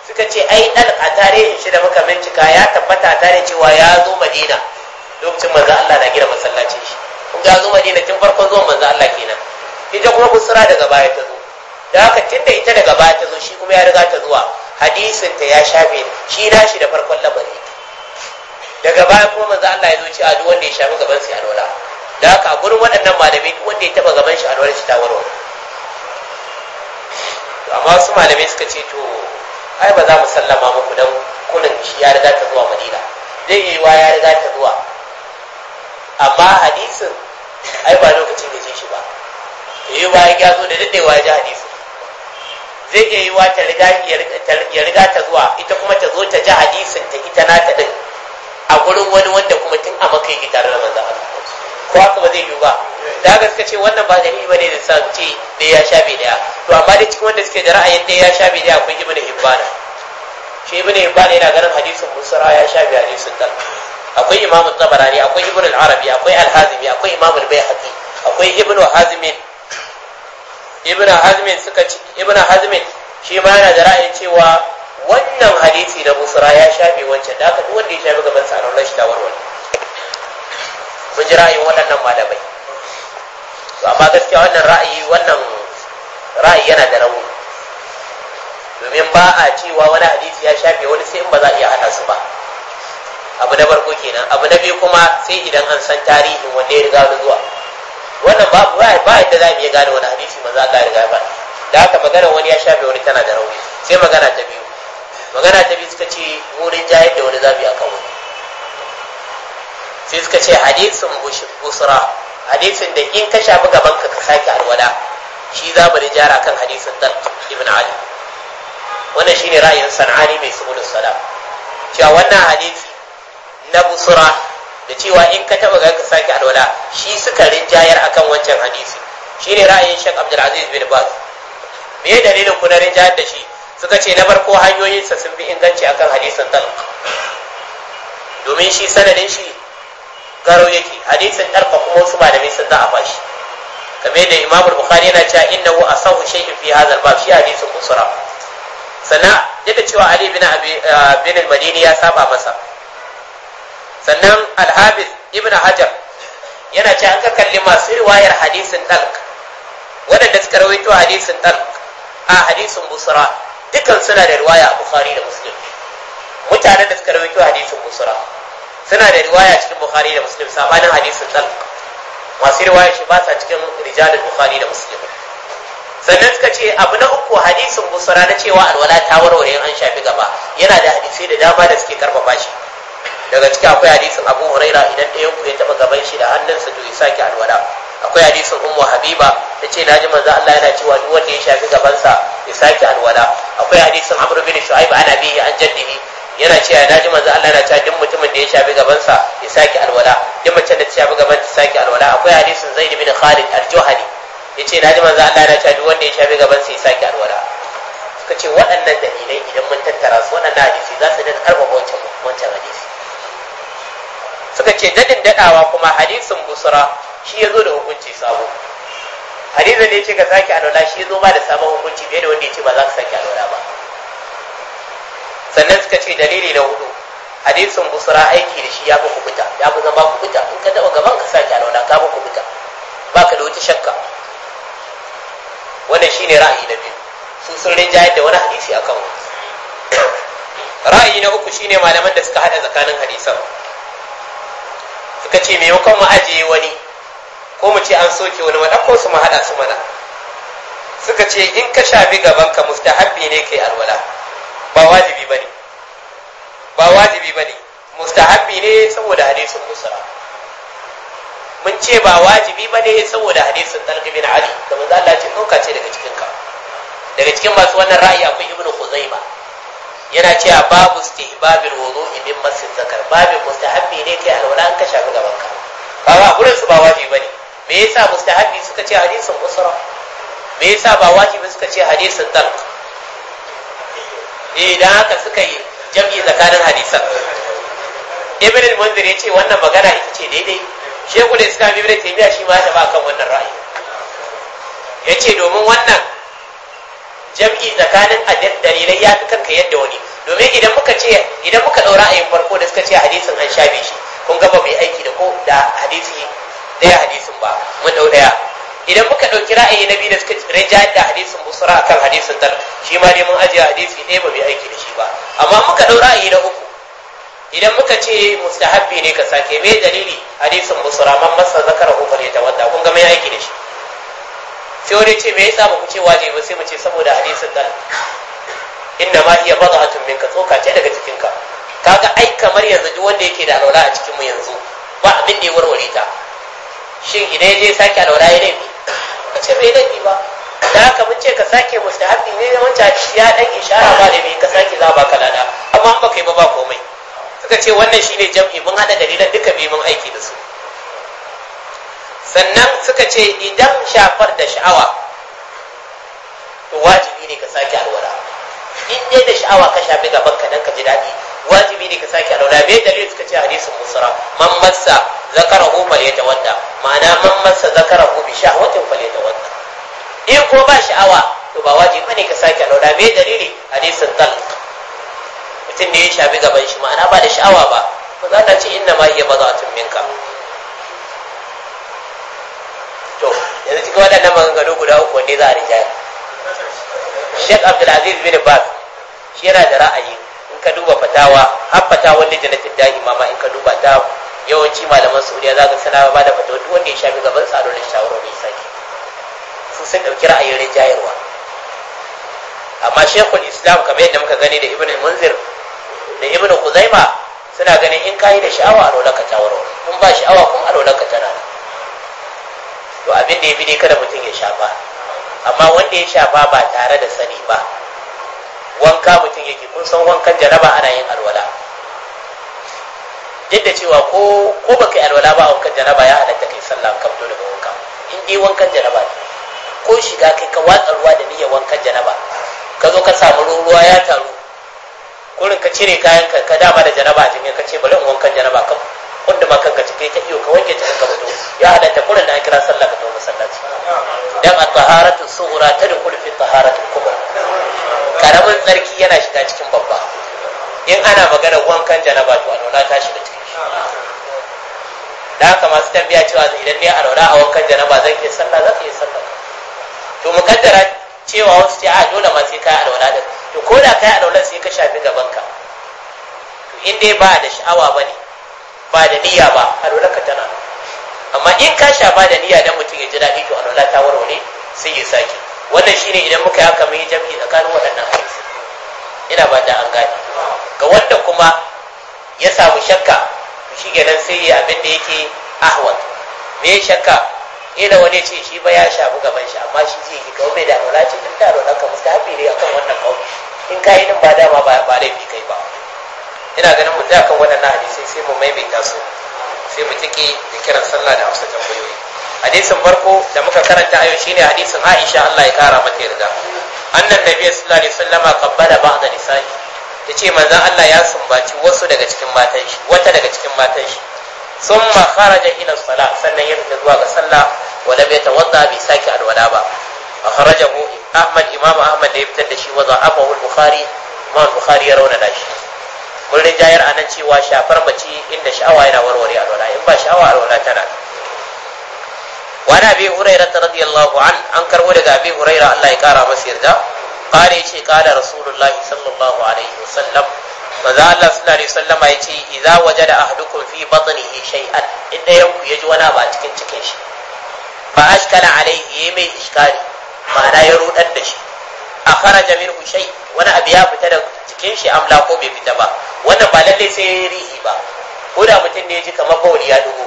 suka ce ai dan a tarihin shi da muka bincika ya tabbata tare cewa ya zo madina lokacin manzo Allah na gina masallacin shi kun ga zo madina tun farkon zuwan manzo Allah kenan ita kuma busra daga baya ta zo da haka tunda ita daga baya ta zo shi kuma ya riga ta zuwa hadisin ta ya shafe shi na shi da farkon lamari daga baya kuma manzo Allah ya zo ci a duk wanda ya shafi gaban sai alwala da haka a gurin waɗannan malamai duk wanda ya taba gaban shi alwala shi ta warware amma wasu malamai suka ce to ai ba za mu sallama muku dan shi ya riga ta zuwa madina zai yi wa ya riga ta zuwa amma hadisin ai ba lokacin da ji shi ba da yi bayan ya zo da daɗewa ya ji hadisin zai iya yi wa ta riga ta zuwa ita kuma ta zo ta ji hadisin ta ita na ta ɗin a gurin wani wanda kuma tun a makai gitar da manzan Allah ko haka ba zai yiwu ba da haka suka ce wannan ba dalili bane da sa ce da ya sha bai daya to amma dai cikin wanda suke da ra'ayin da ya sha bai daya akwai ibnu hibbana shi ibnu hibbana yana ganin hadisin musara ya sha bai hadisin dal akwai imamu tabarani akwai ibnu al-arabi akwai al-hazimi akwai imamu al-baihaqi akwai ibnu hazimin ibnu hazimin suka ce ibnu hazimin shi ma yana da ra'ayin cewa wannan hadisi da musara ya shafe wancan da haka duk wanda ya shafe gaban sa a ranar shi mun ji ra'ayin waɗannan malamai to amma gaskiya wannan ra'ayi wannan ra'ayi yana da rauni domin ba a cewa wani hadisi ya shafe wani sai in ba za a iya hada su ba abu na farko kenan abu na biyu kuma sai idan an san tarihin wanda ya riga da zuwa wannan babu ba yadda za mu iya gane wani hadisi ba za a riga ba da haka magana wani ya shafe wani tana da rauni sai magana ta biyu magana ta biyu suka ce wurin jayar da wani zabi akan wani sai suka ce hadisin busra hadisin da in ka shafi gaban ka sake alwala shi za mu rijara kan hadisin dan ibn ali wannan shine ra'ayin sanani mai subulus salam cewa wannan hadisi na busra da cewa in ka taba ka sake alwala shi suka rinjayar akan wancan hadisi shine ra'ayin Sheikh Abdul Aziz bin Baz me dalilin ku na rinjayar da shi suka ce na farko hanyoyinsa sun fi inganci akan hadisin talq domin shi sanadin shi garau yake hadisin karfa kuma wasu malamai sun za a bashi kame da imamu bukhari yana cewa innahu asahu shay'in fi hadha al-bab shi hadisin usra sannan yadda cewa ali bin abi ah, bin al-madini ya saba masa sannan al-hafiz ibn hajar yana cewa an ka kalli masu riwayar hadisin dalq wadanda suka rawaito hadisin dalq a hadisin busra dukkan suna da riwaya a bukhari da muslim mutanen da suka rawaito hadisin busra suna da riwaya cikin bukhari da muslim sabanin hadisin talq masu riwaya shi ba sa cikin rijalin bukhari da muslim sannan suka ce abu na uku hadisin busara na cewa alwala ta warware an shafi gaba yana da hadisai da dama da suke karfafa shi daga ciki akwai hadisin abu huraira idan ɗaya ku ya taɓa gaban shi da hannunsa to ya sake alwala akwai hadisin ummu habiba ta ce na ji manzo Allah yana cewa duk wanda ya shafi gabansa ya sake alwala akwai hadisin amr bin shu'aib an abihi an jaddihi yana cewa na ji manzo Allah yana cewa duk mutumin da ya shafi gabansa ya saki alwala duk mace da ta shafi gaban ta saki alwala akwai hadisin Zaid bin Khalid al-Juhani yace na ji manzo Allah yana cewa duk wanda ya shafi gabansa ya saki alwala suka ce waɗannan dalilai idan mun tattara su waɗannan hadisi za su dinga karfafa wancan wancan hadisi suka ce dadin dadawa kuma hadisin busra shi yazo da hukunci sabo hadisin da yace ka saki alwala shi yazo ba da sabon hukunci bai da wanda yace ba za ka saki alwala ba suka ce dalili na hudu hadisin busra aiki da shi ya fi kubuta ya fi zama kubuta in ka taba gaban ka sake alwala ka fi kubuta ba ka da wata shakka wannan shine ra'ayi na biyu su sun rinja da wani hadisi a kan ra'ayi na uku shine malaman da suka hada tsakanin hadisan suka ce yakan mu ajiye wani ko mu ce an soke wani mu ɗauko su mu hada su mana suka ce in ka shafi gaban ka mustahabbi ne kai alwala ba wajibi bane ba wajibi ba ne mustahabbi ne saboda hadisin musara mun ce ba wajibi ba ne saboda hadisin talq bin ali da manzo Allah ce dauka ce daga cikin ka daga cikin masu wannan ra'ayi akwai ibnu khuzaima yana cewa babu istihbabil wudu'i min masjid zakar babin mustahabbi ne kai alwala an kashe gaban ka ba gurin su ba wajibi ne. me yasa mustahabbi suka ce hadisin musara me yasa ba wajibi suka ce hadisin talq eh dan haka suka yi jam'i tsakanin hadisan ibn al-munzir yace wannan magana ita ce daidai shekul islam ibn taymiya shi ma ya taba kan wannan ra'ayi yace domin wannan jam'i tsakanin dalilai ya fi kanka yadda wani domin idan muka ce idan muka ɗau ra'ayin farko da suka ce hadisin an shafe shi kun ga ba aiki da ko da hadisi daya hadisin ba mun ɗau daya idan muka ɗauki ra'ayi na biyu da suka rija da hadisin busra akan hadisin tar shi ma dai mun ajiye hadisi ɗaya ba bai aiki da shi ba amma muka ɗau ra'ayi na uku idan muka ce mustahabbi ne ka sake me dalili hadisin busra man masa zakara ko fare ta wanda kun ga mai aiki da shi sai wani ce me yasa ba ku ce wajibi sai mu ce saboda hadisin dal inna ma iya bad'atun minka tsoka ce daga Ka kaga ai kamar yanzu duk wanda yake da alwala a cikin mu yanzu ba abin da ya warware ta shin idan ya je sake alwala ya laifi ba ce bai laifi ba da haka mun ce ka sake mustahabi ne wancan shi ya dan ishara ba da bai ka sake za ba kalada amma an baka yi ba ba komai suka ce wannan shine jam'i mun hada dalilan duka bai mun aiki da su sannan suka ce idan shafar da sha'awa to wajibi ne ka sake alwara in dai da sha'awa ka shafi gaban ka dan ka ji daɗi wajibi ne ka sake alwara me dalilin suka ce hadisin musara man massa zakarahu yatawadda ma'ana man massa zakarahu bi shahwatin yatawadda in eh, ko ba sha'awa to ba wajibi ne ka sake lauda me dalili hadisin talq mutum ne ya shafi gaban shi ma'ana ba da sha'awa ba ba za ta ce inna ma iya bazatun minka to yanzu cikin waɗannan maganganu guda uku ne za a rijaya Sheikh Abdulaziz bin Baz shi yana da ra'ayi in ka duba fatawa har fatawar lijinatin da ma in ka duba ta yawanci malaman Saudiya za ka sana ba da fatawa duk wanda ya shafi gaban sa a dole shawarwari sake sun san ɗauki ra'ayin rinjayarwa amma shekul islam kamar yadda muka gani da ibn munzir da ibn kuzaima suna ganin in kayi da sha'awa a lola ta warware kun ba sha'awa kun ka tana to abin da ya fi dai kada mutum ya shafa amma wanda ya shafa ba tare da sani ba wanka mutum yake kun san wankan jaraba ana yin alwala duk da cewa ko ko baka yi alwala ba a wankan jaraba ya halatta kai sallah kam dole ba wanka in dai wankan jaraba ne ko shiga kai ka watsa ruwa da niyyar wankan janaba ka zo ka samu ruwa ya taru kurin ka cire kayan ka ka dama da janaba a jikin ka ce bari in wankan janaba ka wanda ma kanka cike ta iyo ka wanke ta ka fito ya halatta kurin da an kira sallah ka tawo masallaci dan at-taharatu sughra tadkhulu fi at-taharatu kubra karamin tsarki yana shiga cikin babba in ana magana wankan janaba to alwala ta shiga cikin shi da haka masu tambaya cewa idan ne alwala a wankan janaba zan iya sallah zan iya sallah to mu kaddara cewa wasu ce a dole ma sai ka alwala da to ko da kai alwala sai ka shafi gaban ka to in dai ba da sha'awa ba ne. ba da niyya ba alwala ka tana amma in ka shafa da niyya dan mutum ya ji daɗi to alwala ta warware sai ya sake wannan shine idan muka yi haka mun yi jam'i tsakanin waɗannan hadisi ina ba da an gane ga wanda kuma ya samu shakka to shi kenan sai ya abin da yake ahwat me shakka ila wani ce shi ba ya shafi gaban shi amma shi zai yi kawo mai da alwala ce in da alwala ka ta hafi ne akan wannan kauli in ka yi nan ba dama ba ba laifi kai ba ina ganin mutum akan waɗannan hadisai sai mu maimaita su sai mu tiki da kiran sallah da amsa tambayoyi hadisin farko da muka karanta a yau shine hadisin Aisha Allah ya kara mata yarda annan nabi sallallahu alaihi wasallama qabbala ba'da nisa'i yace manzon Allah ya sumbaci wasu daga cikin matan shi wata daga cikin matan shi Sun thumma kharaja ila Sala sannan ya fita zuwa ga sallah wa lam yatawadda bai sake alwala ba akhrajahu ahmad imam ahmad da ya fitar da shi wa za'afahu bukhari imam bukhari ya rauna shi mun a nan cewa shafar mace inda sha'awa yana warware alwala in ba sha'awa alwala tana wani abi huraira ta radiyallahu an an karbo daga abi huraira Allah ya kara masa yarda kare ce kala rasulullahi sallallahu alaihi wasallam manzo Allah suna sallallahu alaihi wasallama yace idza wajada ahadukum fi batnihi shay'an inda dayan ya ji wani ba cikin cikin shi fa ashkala alaihi yayi mai iskari ma'ana ya rudar da shi A akharaja minhu shay wani abu ya fita da cikin shi amla ko bai fita ba wannan ba lalle sai ya rihi ba ko da mutum ne ya ji kamar bawli ya dugo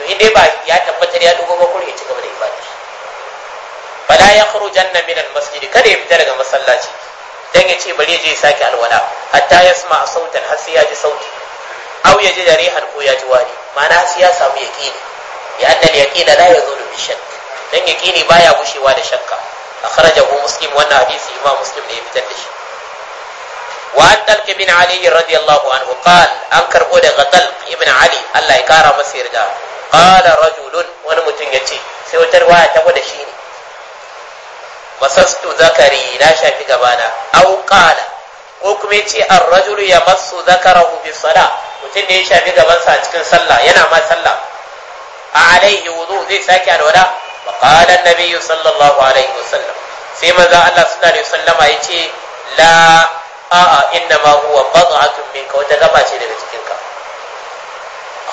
to in ba ya tabbatar ya dugo ba kullum ya ci gaba da ibada fala yakhrujanna min al-masjid kada ya fita daga masallaci dan ya ce bari ya je ya sake alwala hatta a sautan har sai ya ji sauti aw ya ji da rihan ko ya ji wari ma'ana sai ya samu yaqini ya annal yaqina la yazulu bi shakk dan yaqini baya gushewa da shakka akhrajahu muslim wannan hadisi imam muslim ne ya fitar da shi وعن طلق بن علي رضي الله عنه قال أنكر أولي غطلق ابن علي الله يكارى مسير دا قال رجل ونمتن يتي سيوتر shi ودشيني masastu zakari na shafi gabana au ko kuma yace ar-rajulu yamassu zakarahu bi salah mutum ne ya shafi gabansa a cikin sallah yana ma sallah alaihi wudu zai sake alwala wa qala an-nabiy sallallahu alaihi wasallam sai maza Allah da alaihi wasallama yace la a'a inna ma huwa bad'atun minka wata gaba ce daga cikinka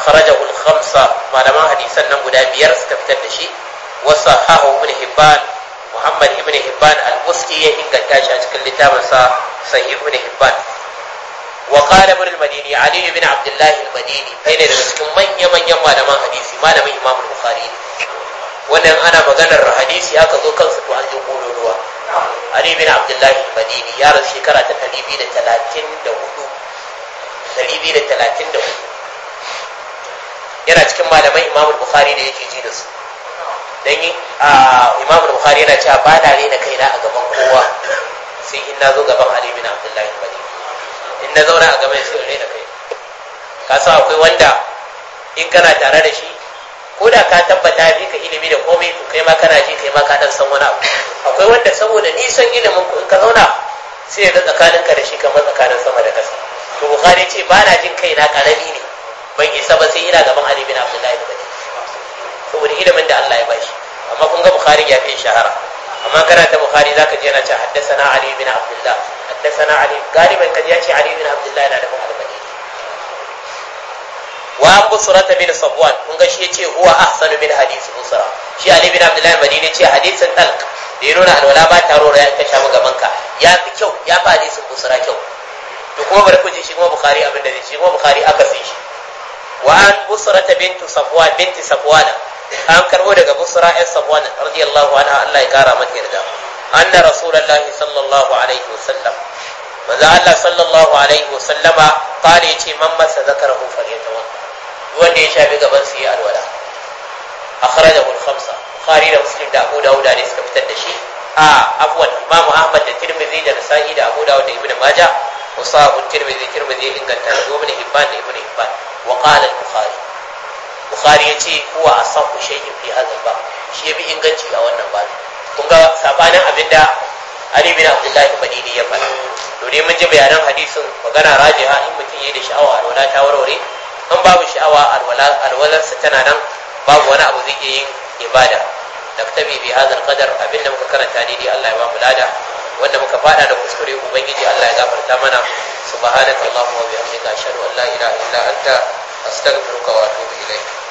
akhrajahu al-khamsa malaman hadisan nan guda biyar suka fitar da shi wa sahahu ibn hibban muhammad ibn hibban al-busti ya inganta shi a cikin littafinsa sai ibn hibban wa qala ibn al-madini ali ibn abdullah al-madini kai ne daga cikin manya manyan malaman hadisi malamin imam al-bukhari wannan ana maganar hadisi aka zo kansu to an ji ruwa ali ibn abdullah al-madini ya rasu shekara ta 234 234 yana cikin malamai imam al-bukhari da yake ji da su dan yi a imam bukhari yana cewa ba na rena kaina a gaban kowa sai in na zo gaban ali bin abdullahi bane in na zauna a gaban sai rena kai ka sa akwai wanda in kana tare da shi ko da ka tabbata bi ka ilimi da komai to kai ma kana ji kai ma ka dan san wani abu akwai wanda saboda nisan ilimin ku in ka zauna sai ga tsakaninka da shi kamar tsakanin sama da kasa to bukhari ce ba na jin kaina karami ne ban isa ba sai ina gaban ali bin abdullahi bane saboda ilimin da Allah ya bashi amma kun ga bukhari ya fi shahara amma kana ta bukhari zaka ji yana ce haddathana ali bin abdullah haddathana ali galiban kaji ya ce ali bin abdullah yana da al-madini wa surata bin sabwan kun ga shi ya ce huwa ahsanu min hadith busra shi ali bin abdullah madini ce hadithin talq da ya nuna alwala ba taro ya ka shamu gaban ka ya fi kyau ya fi hadisin busra kyau to kuma bari ku ji shi kuma bukhari abin da shi kuma bukhari aka sai shi wa an busrata bintu safwa binti safwana an karbo daga busra ya sabwan radiyallahu anha Allah ya kara mata yarda anna rasulullahi sallallahu alaihi wasallam manzo Allah sallallahu alaihi wasallama kare yace man masa zakarahu falyatawadda wanda ya shafi gaban su yi alwala akhrajahu al-khamsa bukhari da muslim da abu dawud ne suka fitar da shi a afwan imamu ahmad da tirmidhi da nasa'i da abu dawud da ibnu majah وصاب الترمذي الترمذي إن كان تنزو ابن هبان ابن هبان وقال البخاري bukhari ya ce kuwa a san kushe yi fi hazar ba shi ya bi inganci a wannan ba kun ga sabanin abinda Ali bin Abdullah Madini ya faɗa to mun ji bayanan hadisin magana rajiha in mutum yi da sha'awa alwala ta warware an babu sha'awa alwala alwalarsa tana nan babu wani abu zai yin ibada naktabi bi hadha abin abinda muka karanta ne dai Allah ya ba mu lada wanda muka faɗa da kuskure ubangiji Allah ya gafarta mana subhanaka allahumma wa bihamdika ashhadu an la ilaha illa anta أستغفرك وأتوب إليك